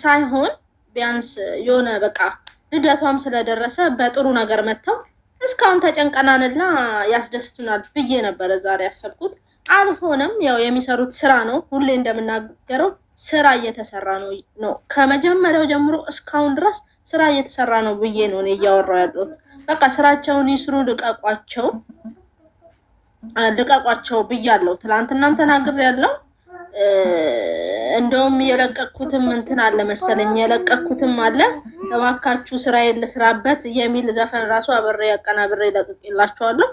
ሳይሆን ቢያንስ የሆነ በቃ ልደቷም ስለደረሰ በጥሩ ነገር መጥተው እስካሁን ተጨንቀናንና ያስደስቱናል ብዬ ነበረ ዛሬ ያሰብኩት። አልሆነም። ያው የሚሰሩት ስራ ነው። ሁሌ እንደምናገረው ስራ እየተሰራ ነው ነው ከመጀመሪያው ጀምሮ እስካሁን ድረስ ስራ እየተሰራ ነው ብዬ ነው እኔ እያወራው ያለሁት። በቃ ስራቸውን ይስሩ፣ ልቀቋቸው፣ ልቀቋቸው ብያለሁ። ትላንትናም ተናግሬያለሁ። እንደውም የለቀኩትም እንትን አለ መሰለኝ የለቀኩትም አለ እባካችሁ ስራ ልስራበት የሚል ዘፈን ራሱ አብሬ አቀናብሬ ይለቅቅላችኋለሁ።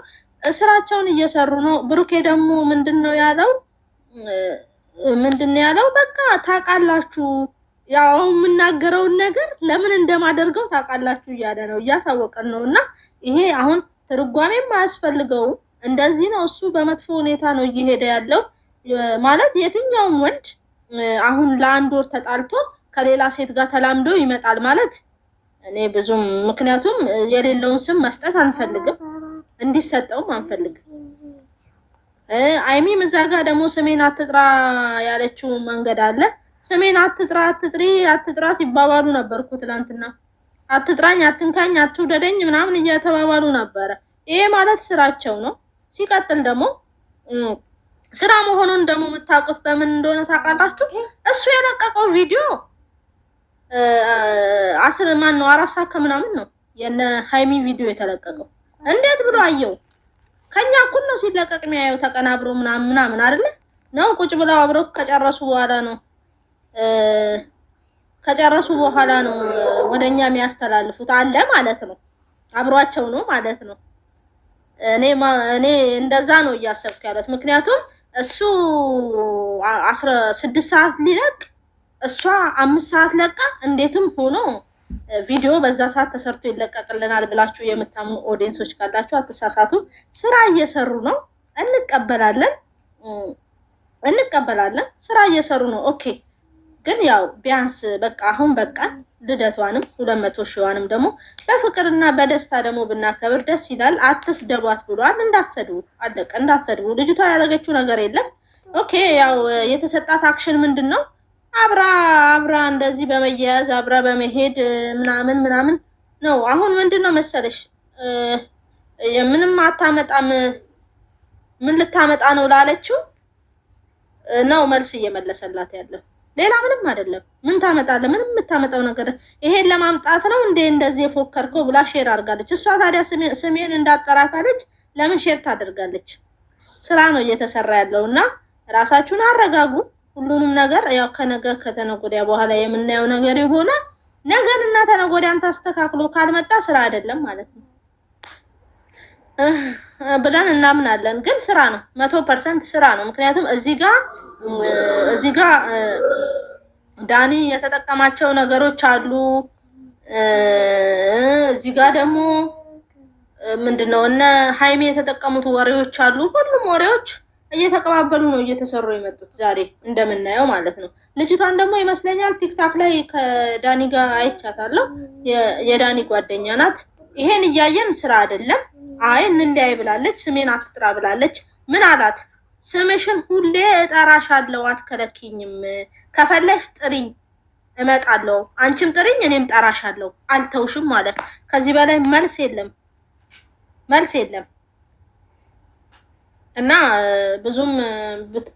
ስራቸውን እየሰሩ ነው። ብሩኬ ደግሞ ምንድን ነው ያለው? ምንድን ነው ያለው? በቃ ታውቃላችሁ፣ ያው የምናገረውን ነገር ለምን እንደማደርገው ታውቃላችሁ እያለ ነው፣ እያሳወቀን ነው። እና ይሄ አሁን ትርጓሜም አያስፈልገውም። እንደዚህ ነው እሱ በመጥፎ ሁኔታ ነው እየሄደ ያለው ማለት የትኛውም ወንድ አሁን ለአንድ ወር ተጣልቶ ከሌላ ሴት ጋር ተላምዶ ይመጣል ማለት እኔ ብዙም ምክንያቱም የሌለውን ስም መስጠት አንፈልግም፣ እንዲሰጠውም አንፈልግም። አይሚም እዛ ጋር ደግሞ ስሜን አትጥራ ያለችው መንገድ አለ። ስሜን አትጥራ አትጥሪ አትጥራ ሲባባሉ ነበርኩ ትናንትና። አትጥራኝ፣ አትንካኝ፣ አትውደደኝ ምናምን እየተባባሉ ነበረ። ይሄ ማለት ስራቸው ነው። ሲቀጥል ደግሞ ስራ መሆኑን ደግሞ የምታውቁት በምን እንደሆነ ታውቃላችሁ? እሱ የለቀቀው ቪዲዮ አስር ማን ነው አራት ሰዓት ከምናምን ነው የነ ሃይሚ ቪዲዮ የተለቀቀው። እንዴት ብሎ አየው? ከኛ እኩል ነው ሲለቀቅ የሚያየው ተቀናብሮ ምናምን ምናምን አይደለ ነው። ቁጭ ብለው አብረው ከጨረሱ በኋላ ነው ከጨረሱ በኋላ ነው ወደኛ የሚያስተላልፉት አለ ማለት ነው። አብሯቸው ነው ማለት ነው። እኔ እኔ እንደዛ ነው እያሰብኩ ያለት ምክንያቱም እሱ አስራ ስድስት ሰዓት ሊለቅ እሷ አምስት ሰዓት ለቃ እንዴትም ሆኖ ቪዲዮ በዛ ሰዓት ተሰርቶ ይለቀቅልናል ብላችሁ የምታምኑ ኦዲየንሶች ካላችሁ አትሳሳቱም። ስራ እየሰሩ ነው፣ እንቀበላለን እንቀበላለን። ስራ እየሰሩ ነው። ኦኬ ግን ያው ቢያንስ በቃ አሁን በቃ ልደቷንም ሁለት መቶ ሺዋንም ደግሞ በፍቅርና በደስታ ደግሞ ብናከብር ደስ ይላል። አትስደቧት ብሏል። እንዳትሰድቡ፣ አለቀ። እንዳትሰድቡ። ልጅቷ ያደረገችው ነገር የለም። ኦኬ፣ ያው የተሰጣት አክሽን ምንድን ነው? አብራ አብራ እንደዚህ በመያያዝ አብራ በመሄድ ምናምን ምናምን ነው። አሁን ምንድን ነው መሰለሽ፣ ምንም አታመጣም። ምን ልታመጣ ነው ላለችው ነው መልስ እየመለሰላት ያለው። ሌላ ምንም አይደለም። ምን ታመጣለ? ምንም የምታመጣው ነገር ይሄን ለማምጣት ነው እንዴ እንደዚህ የፎከርከው ብላ ሼር አድርጋለች። እሷ ታዲያ ስሜን እንዳጠራ ለምን ሼር ታደርጋለች? ስራ ነው እየተሰራ ያለው እና ራሳችሁን አረጋጉ። ሁሉንም ነገር ያው ከነገ ከተነገ በኋላ የምናየው ነገር የሆነ ነገን እና ተነጎዳን ታስተካክሎ ካልመጣ ስራ አይደለም ማለት ነው ብለን እናምናለን። ግን ስራ ነው፣ መቶ ፐርሰንት ስራ ነው። ምክንያቱም እዚህ ጋር እዚህ ጋር ዳኒ የተጠቀማቸው ነገሮች አሉ። እዚህ ጋር ደግሞ ምንድነው እነ ሀይሜ የተጠቀሙት ወሬዎች አሉ። ሁሉም ወሬዎች እየተቀባበሉ ነው እየተሰሩ የመጡት ዛሬ እንደምናየው ማለት ነው። ልጅቷን ደግሞ ይመስለኛል ቲክታክ ላይ ከዳኒ ጋር አይቻታለሁ። የዳኒ ጓደኛ ናት። ይሄን እያየን ስራ አይደለም አይ እንንዳይ ብላለች፣ ስሜን አትጥራ ብላለች። ምን አላት ስምሽን ሁሌ እጠራሻለሁ፣ አትከለኪኝም። ከፈለሽ ጥሪኝ እመጣለሁ። አንቺም ጥሪኝ፣ እኔም ጠራሻለሁ። አልተውሽም ማለት ከዚህ በላይ መልስ የለም፣ መልስ የለም። እና ብዙም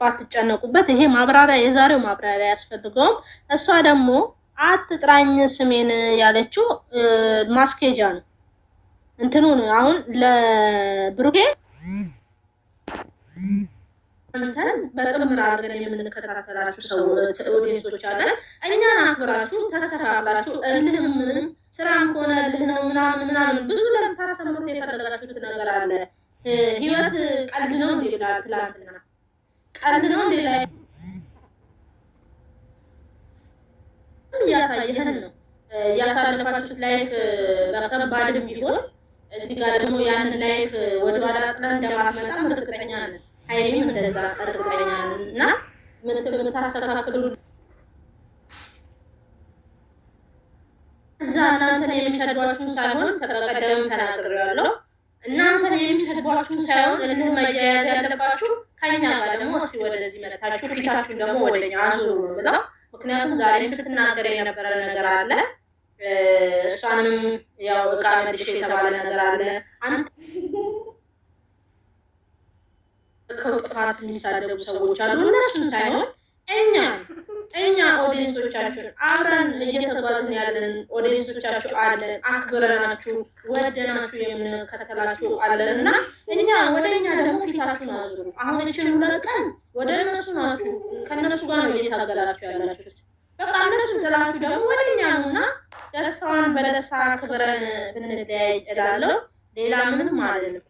ባትጨነቁበት፣ ይሄ ማብራሪያ የዛሬው ማብራሪያ አያስፈልገውም። እሷ ደግሞ አትጥራኝ ስሜን ያለችው ማስኬጃ ነው እንትኑን አሁን ለብሩኬ ሰምተን በጥምር አድርገን የምንከታተላችሁ ሰው ኦዲየንሶች አለን። እኛን አክብራችሁ ተስተካክላችሁ እልህም ስራም ሆነ እልህ ነው ምናምን ምናምን ብዙ ለምታስተምሩት የፈለጋችሁት ነገር አለ። ህይወት ቀልድ ነው እንዴ ብላል ትላንትና። ቀልድ ነው እንዴ ላይ እያሳየህን ነው እያሳለፋችሁት ላይፍ በከባድም ቢሆን እዚህ ጋር ደግሞ ያንን ላይፍ ወደኋላ ጥለን እንደማትመጣም እርግጠኛ ነን። ሀይልም እንደዛ እርግጠኛ እና ምታስተካክሉ እዛ እናንተን የሚሰድቧችሁ ሳይሆን በቀደምም ተናግሬያለሁ። እናንተን የሚሰድቧችሁ ሳይሆን እልህ መያያዝ ያለባችሁ ከኛ ጋር ደግሞ እስቲ ወደዚህ መታችሁ ፊታችሁን ደግሞ ወደኛ አዙሩ ብለው ምክንያቱም ዛሬም ስትናገር የነበረ ነገር አለ። እሷንም ያው እቃ መልሽ የተባለ ነገር አለ አንተ ከጥፋት የሚሳደቡ ሰዎች አሉ። እነሱን ሳይሆን እኛ እኛ ኦዲየንሶቻችን አብረን እየተጓዝን ያለን ኦዲየንሶቻችሁ አለን፣ አክብረናችሁ ወደናችሁ የምንከተላችሁ አለን እና እኛ ወደ እኛ ደግሞ ፊታችሁን አዙሩ። አሁን እችን ሁለት ቀን ወደ እነሱ ናችሁ፣ ከእነሱ ጋር ነው እየታገላችሁ ያላችሁት። በቃ እነሱ ጥላችሁ ደግሞ ወደ እኛ ነው እና ደስታዋን በደስታ ክብረን ብንለያይ እላለሁ። ሌላ ምንም አለንም።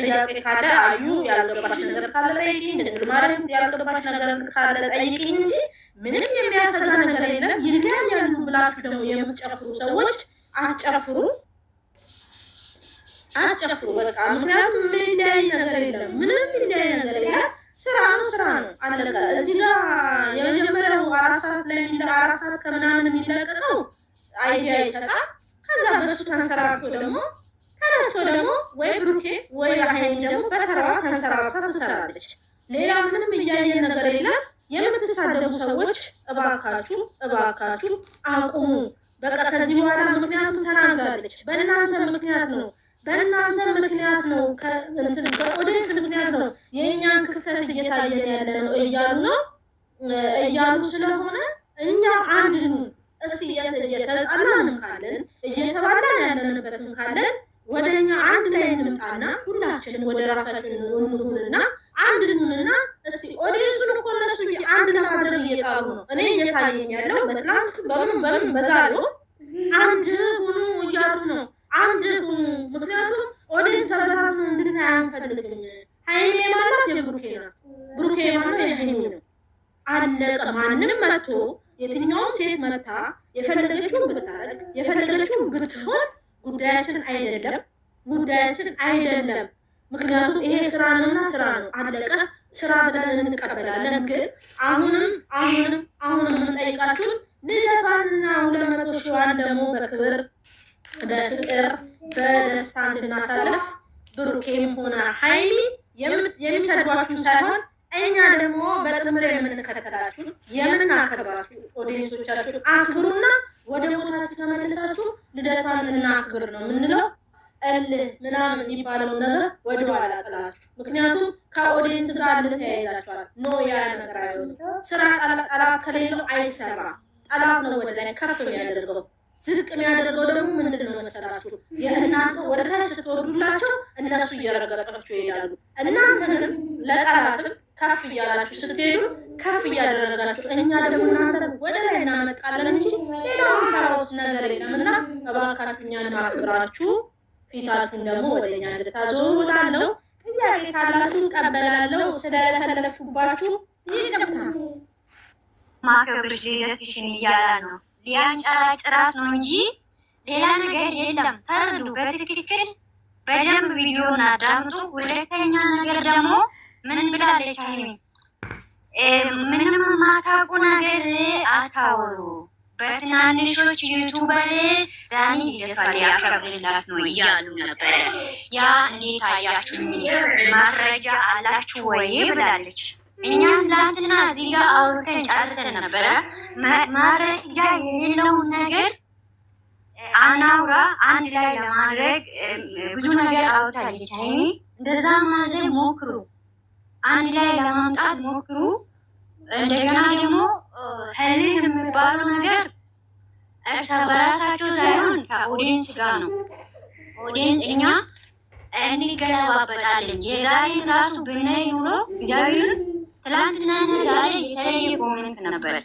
ጥያቄ ካለ አዩ ያልገባሽ ነገር ካለ ጠይቂኝ፣ ድንግል ማርያም ያልገባሽ ነገር ካለ ጠይቂኝ እንጂ ምንም የሚያሰጋ ነገር የለም። ያሉ ብላችሁ ደግሞ የምትጨፍሩ ሰዎች አትጨፍሩ፣ አትጨፍሩ በቃ። ምክንያቱም የሚለያይ ነገር የለም፣ ምንም የሚለያይ ነገር የለም። ስራ ነው፣ ስራ ነው፣ አለቀ። እዚህ ጋር የመጀመሪያው አራት ሰዓት ላይ የሚለ አራት ሰዓት ከምናምን የሚለቀቀው አይዲያ ይሰጣል። ከዛ በሱ ተንሰራርቶ ደግሞ እሷ ደግሞ ወይ ብሩኬ ወይ ሀይሚ ደግሞ በተራዋ ተንሰራርታ ትሰራለች። ሌላ ምንም እያየን ነገር የለም። የምትሳደቡ ሰዎች እባካችሁ እባካችሁ አቁሙ። በቃ ከዚህ በኋላ ምክንያቱም ተናግራለች። በእናንተ ምክንያት ነው በእናንተ ምክንያት ነው ከኦዲንስ ምክንያት ነው የእኛን ክፍተት እየታየን ያለ ነው እያሉ ነው እያሉ ስለሆነ እኛ አንድ እስቲ እየተጣላንም ካለን እየተባላን ያለንበትም ካለን ወደ እኛ አንድ ላይ እንምጣና ሁላችን ወደ ራሳችን እንሁንና አንድ ልንሆንና እስቲ ኦዲየንሱን እኮ እነሱ አንድ ለማድረግ እየጣሩ ነው። እኔ እየታየኝ ያለው በጣም በምን በምን በዛሬው አንድ ሁኑ እያሉ ነው። አንድ ሁኑ። ምክንያቱም ኦዲየንስ ተበታትኖ እንድና አያንፈልግም። ሀይሜ ማለት የብሩኬ ናት፣ ብሩኬ ማለት የሀይሜ ነው። አለቀ። ማንም መጥቶ የትኛውም ሴት መታ የፈለገችውን ብታረግ የፈለገችውን ብትሆን ጉዳያችን አይደለም፣ ጉዳያችን አይደለም። ምክንያቱም ይሄ ስራ ነውና ስራ ነው፣ አለቀ። ስራ ብለን እንቀበላለን። ግን አሁንም አሁንም አሁንም የምንጠይቃችሁን ልደቷንና ሁለት መቶ ሺዋን ደግሞ በክብር በፍቅር በደስታ እንድናሳለፍ ብሩኬም ሆነ ሀይሚ የሚሰድባችሁ ሳይሆን እኛ ደግሞ በጥምር የምንከተላችሁ የምናከብራችሁ ኦዲየንሶቻችሁን አክብሩና ወደ ቦታችሁ ተመልሳችሁ ልደቷን እናክብር ነው የምንለው። እልህ ምናምን የሚባለው ነገር ወደ ኋላ ጥላችሁ፣ ምክንያቱም ከኦዲየንስ ጋር ልተያይዛችኋል። ኖ ያ ነገር ስራ ጠላት ከሌለው አይሰራም። ጠላት ነው ወደ ላይ ከፍ የሚያደርገው። ዝቅ የሚያደርገው ደግሞ ምንድን ነው መሰላችሁ? የእናንተ ወደ ታች ስትወርዱላቸው እነሱ እየረገጣችሁ ይሄዳሉ። እናንተ ለጠላትም ከፍ እያላችሁ ስትሄዱ ከፍ እያደረጋችሁ እኛ ደግሞ እናንተ ወደ ላይ እናመጣለን እንጂ ሌላ ሰራት ነገር የለም እና እባካችሁ እኛን አክብራችሁ ፊታችሁን ደግሞ ወደኛ እኛ እንድታዞሩ ጥያቄ ካላችሁ እቀበላለሁ። ስለተለፉባችሁ ይቅርታ። ማክበር ዜነትሽን እያለ ነው ሊያንጨራጭራት ነው እንጂ ሌላ ነገር የለም። ተረዱ በትክክል በደንብ ቪዲዮን አዳምጡ። ሁለተኛ ነገር ደግሞ ምን ብላለች? ምንም ማታቁ ነገር አታወሩ። በትናንሾች ዩቱበር ዳኒ ይደፋል ያከብልላት ነው እያሉ ነበረ። ያ እንዴት አያችሁ? ማስረጃ አላችሁ ወይ ብላለች። እኛም ትላንትና እዚህ ጋር አውርተን ጨርሰን ነበረ። ማረጃ የሌለውን ነገር አናውራ አንድ ላይ ለማድረግ ብዙ ነገር አውርታለች። አይ እንደዛ ማድረግ ሞክሩ አንድ ላይ ለማምጣት ሞክሩ። እንደገና ደግሞ ህሊል የሚባለው ነገር እርስ በራሳቸው ሳይሆን ከኦዲየንስ ጋር ነው። ኦዲየንስ እኛ እንገለባበጣለን። የዛሬን ራሱ ብናይ ኑሮ እግዚአብሔር ትላንትና ዛሬ የተለየ ኮሜንት ነበር።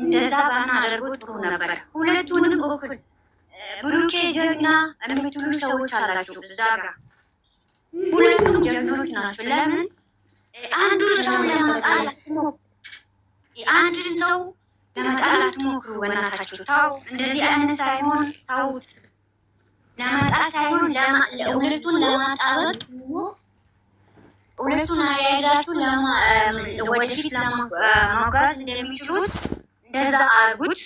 እንደዛ ባናደርገው ጥሩ ነበር። ሁለቱንም እኩል ብሩኬ ጀግና የምትሉ ሰዎች አላቸው እዛ ጋር። ሁለቱም ጀግኖች ናቸው። ለምን አንዱን ሰው ለማጣላት አንድን ሰው ለመጣላት ሞክሩ። በእናታችሁ ታው እንደዚህ አይነት ሳይሆን ታውት ለመጣላት ሳይሆን ሁለቱን ለማጣበቅ ሁለቱን አያይዛችሁ ወደፊት ለማጓዝ እንደሚችሉት እንደዛ አድርጉት።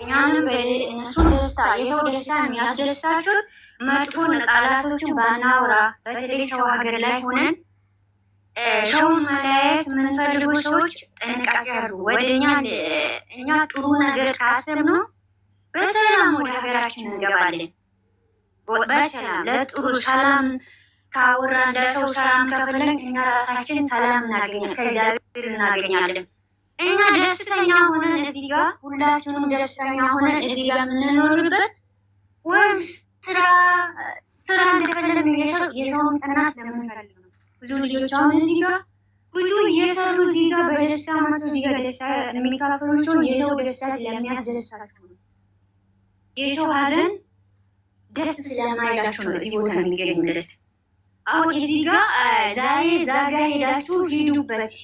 እኛንም እነሱን ደስታ የሰው ደስታ የሚያስደስታችሁት መጥፎን ቃላቶችን ባናውራ በተለይ ሰው ሀገር ላይ ሆነን ሰውን መለያየት የምንፈልጉ ሰዎች ጥንቃቄ አድርጉ። ወደ እኛ እኛ ጥሩ ነገር ካሰብነው በሰላም ወደ ሀገራችን እንገባለን። በሰላም ለጥሩ ሰላም ካወራን ለሰው ሰላም ከፈለግ እኛ ራሳችን ሰላም እናገኛለን፣ ከእግዚአብሔር እናገኛለን። እኛ ደስተኛ ሆነን እዚህ ጋር ሁላችንም ደስተኛ ሆነን እዚህ ጋር የምንኖርበት ወይም ስራ ስራ እንደፈለግ የሰውን ጥናት ለምንፈልግ ነው ብዙ ልጆች እዚህ ጋር እየሰሩ እዚህ ጋር በደስታ እዚህ ጋር ደስታ የሚካፈሉ ሰው የሰው ደስታ ስለሚያስደስታቸው ነው። የሰው ሀዘን ደስ ስለማይላቸው ነው እዚህ ቦታ የሚገኙለት። አሁን እዚህ ጋር ዛሬ ሄዳችሁ ሂዱበት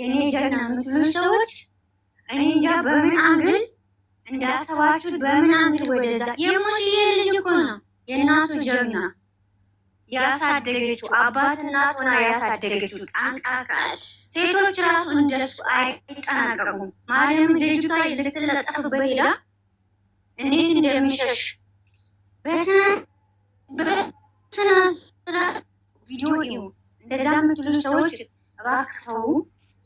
የእኔ ጀግና የምትሉ ሰዎች እኔ እንጃ በምን አንግል እንዳሰባችሁት በምን አንግል ወደዛ የሞሽዬ ልጅ እኮ ነው የእናቱ ጀግና ያሳደገችው አባትና እናቱና ያሳደገችው ጠንቃቃ ሴቶች ራሱ እንደሱ አይጠናቀቁም። ማንም ልጅቷ ልትለጠፍ በሄዳ እንዴት እንደሚሸሽ በስነ ቪዲዮ እንደዛ የምትሉ ሰዎች እባክተው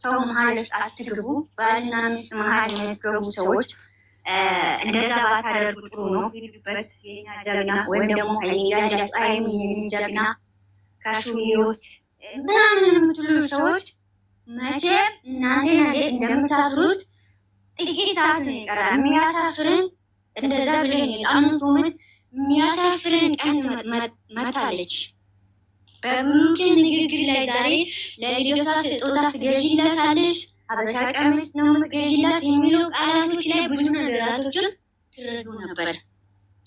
ሰው መሀል አትግቡ። ባልና ሚስት መሀል የገቡ ሰዎች እንደዛ ባታደርጉ ጥሩ ነው። ሄዱበት የኛ ጀግና ወይም ደግሞ ሀይሌጋዳሱ አይም የኔ ጀግና ከሱ ህይወት ምናምን የምትሉ ሰዎች መቼም እናንተ ነገ እንደምታስሩት ጥቂት ሰዓት ነው ይቀራል። የሚያሳፍርን እንደዛ ብለን የጣኑ ቱምት የሚያሳፍርን ቀን መታለች። በምንክል ንግግር ላይ ዛሬ ለልጆቷ ስጦታ ትገዥለታለች። ሀበሻ ቀሚስ ነው የምትገዢላት የሚሉ ቃላቶች ላይ ብዙ ነገራቶችን ትረዱ ነበረ።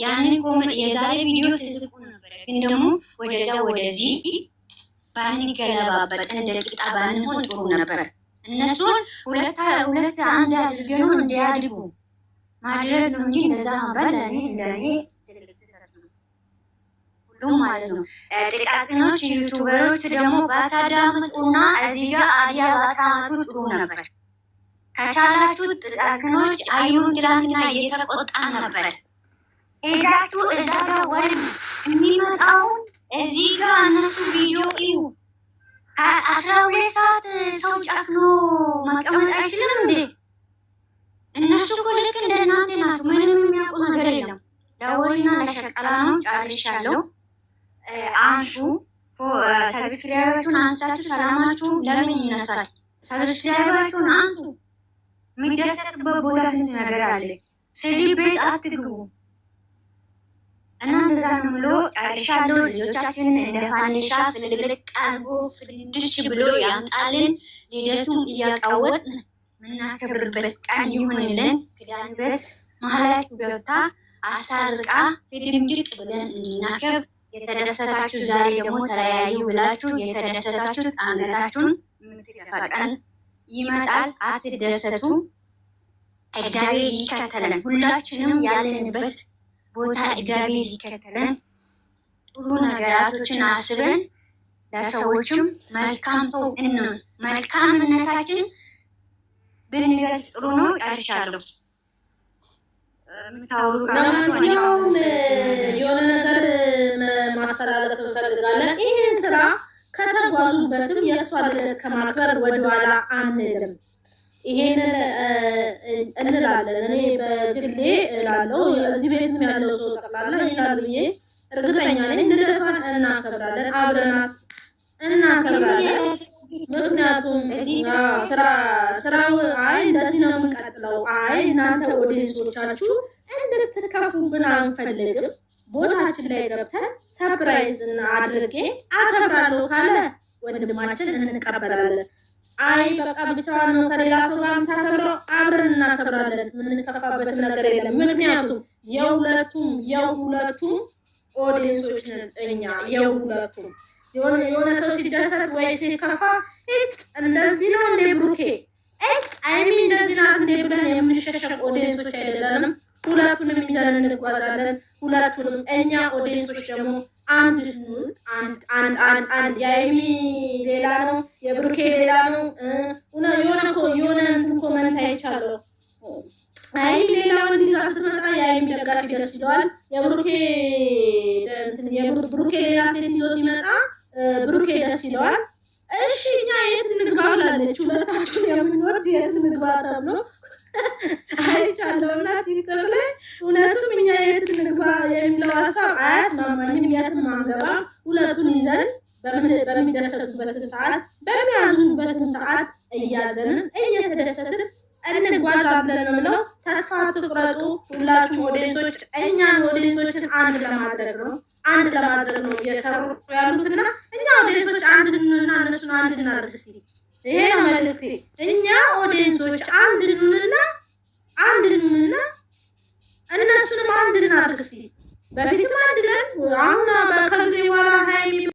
ያንን ኮመ የዛሬ ቪዲዮ ትስቁ ነበረ፣ ግን ደግሞ ወደዛ ወደዚህ ባንገለባበጥ እንደ ቂጣ ባንሆን ጥሩ ነበረ። እነሱን ሁለት አንድ አድርገኑ እንዲያድጉ ማድረግ ነው እንጂ እንደዛ በለኔ ለኔ ሁሉም ማለት ነው። ጥቃቅኖች ዩቱበሮች ደግሞ ባታዳምጡና እዚህ ጋር አዲያ ባታመጡ ጥሩ ነበር። ከቻላችሁ ጥቃቅኖች አዩን ትላንትና እየተቆጣ ነበር። ሄዳችሁ እዛ ጋር ወይ የሚመጣውን እዚህ ጋር እነሱ ቪዲዮ እዩ። አስራ ሁለት ሰዓት ሰው ጨክኖ መቀመጥ አይችልም እንዴ? እነሱ እኮ ልክ እንደ እናንተ ናቸው። ምንም የሚያውቁ ነገር የለም። ለወሬና ለሸቀላ ነው። ጫልሻለሁ አንሱ ሰብስክራይባችሁን አንስታችሁ ሰላማችሁ ለምን ይነሳል? ሰብስክራይባችሁን አንሱ። የሚደሰትበት ቦታ ስንት ነገር አለ። ስሊ ቤት አትግቡ እና እንደዛ ነው ብሎ ጨርሻለሁ። ልጆቻችን እንደ ፋንዲሻ ፍልቅልቅ አድርጎ ፍንድሽ ብሎ ያምጣልን። ልደቱም እያቃወጥ የምናከብርበት ቀን ይሁንልን። ክዳንበት ድረስ መሀላችሁ ገብታ አስታርቃ ድምድቅ ብለን እንዲናከብ የተደሰታችሁ ዛሬ ደግሞ ተለያዩ ብላችሁ የተደሰታችሁት አንገታችሁን የምትደፋ ይመጣል። አትደሰቱ። እግዚአብሔር ይከተለን። ሁላችንም ያለንበት ቦታ እግዚአብሔር ይከተለን። ጥሩ ነገራቶችን አስበን ለሰዎችም መልካም ሰው መልካምነታችን ብንገልጽ ጥሩ ነው። ቀርሻለሁ። ለማንኛውም የሆነ ነገር ማስተላለፍ እንፈልጋለን። ይህን ስራ ከተጓዙበትም የእሷ ልደት ከማክበር ወደኋላ አንልም። ይሄንን እንላለን። እኔ በግሌ እላለሁ፣ እዚህ ቤትም ያለው ሰው ጠቅላላ ይላል ብዬ እርግጠኛ ነኝ። ልደቷን እናከብራለን፣ አብረናት እናከብራለን። ምክንያቱም ስራው አይ እንደዚህ ነው የምንቀጥለው፣ አይ እናንተ ወደ ህዝቦቻችሁ እንድትከፉብን አንፈልግም፣ ቦታችን ላይ ገብተን ሰፕራይዝ አድርጌ አከብራለሁ ካለ ወንድማችን እንቀበላለን። አይ በቃ ብቻዋን ነው ከሌላ ሰው ጋር የምታከብረው፣ አብረን እናከብራለን። የምንከፋበት ነገር የለም። ምክንያቱም የሁለቱም የሁለቱም ኦዲየንሶች ነን እኛ የሁለቱም የሆነ ሰው ሲደሰት ወይ ሲከፋ እንደዚህ ነው እንደ ብሩኬ አይሚ እንደዚህ ናት እንደ ብለን የምንሸሸቅ ኦዲየንሶች አይደለንም። ሁለቱንም ይዘን እንጓዛለን። ሁለቱንም እኛ ኦዲየንሶች ደግሞ አንድ አንድ የአይሚ ሌላ ነው፣ የብሩኬ ሌላ ነው። የሆነ የሆነ እንትን ኮመንት አይቻለሁ። አይሚ ሌላ ወንድ ይዛ ስትመጣ የአይሚ ደጋፊ ደስ ይለዋል። የብሩኬ ሌላ ሴት ይዞ ሲመጣ ብሩኬ ደስ ይለዋል። እሺ እኛ የት ንግባ ብላለች። ሁለታችሁን የምንወድ የት ንግባ ተብሎ አይቻለሁ እና ቲክቶክ ላይ እውነቱም እኛ የት ንግባ የሚለው ሀሳብ አያስማማኝም። የት ማንገባ ሁለቱን ይዘን በሚደሰቱበትም ሰዓት በሚያዝኑበትም ሰዓት እያዘንን እየተደሰትን እንጓዛለን ብለው ተስፋ ትቁረጡ። ሁላችሁም ወደዞች እኛን ወደዞችን አንድ ለማድረግ ነው አንድ ለማድረግ ነው እየሰሩ ያሉትና እኛ ኦዲየንሶች አንድ እንድንሆንና እነሱን አንድ እናደርግ። እስኪ ይሄ ነው መልእክቴ። እኛ ኦዲየንሶች አንድ እንድንሆንና አንድ እንድንሆንና እነሱንም አንድ እናድርግ። እስኪ በፊትም አንድ ለን አሁን ከጊዜ በኋላ ሀያ የሚ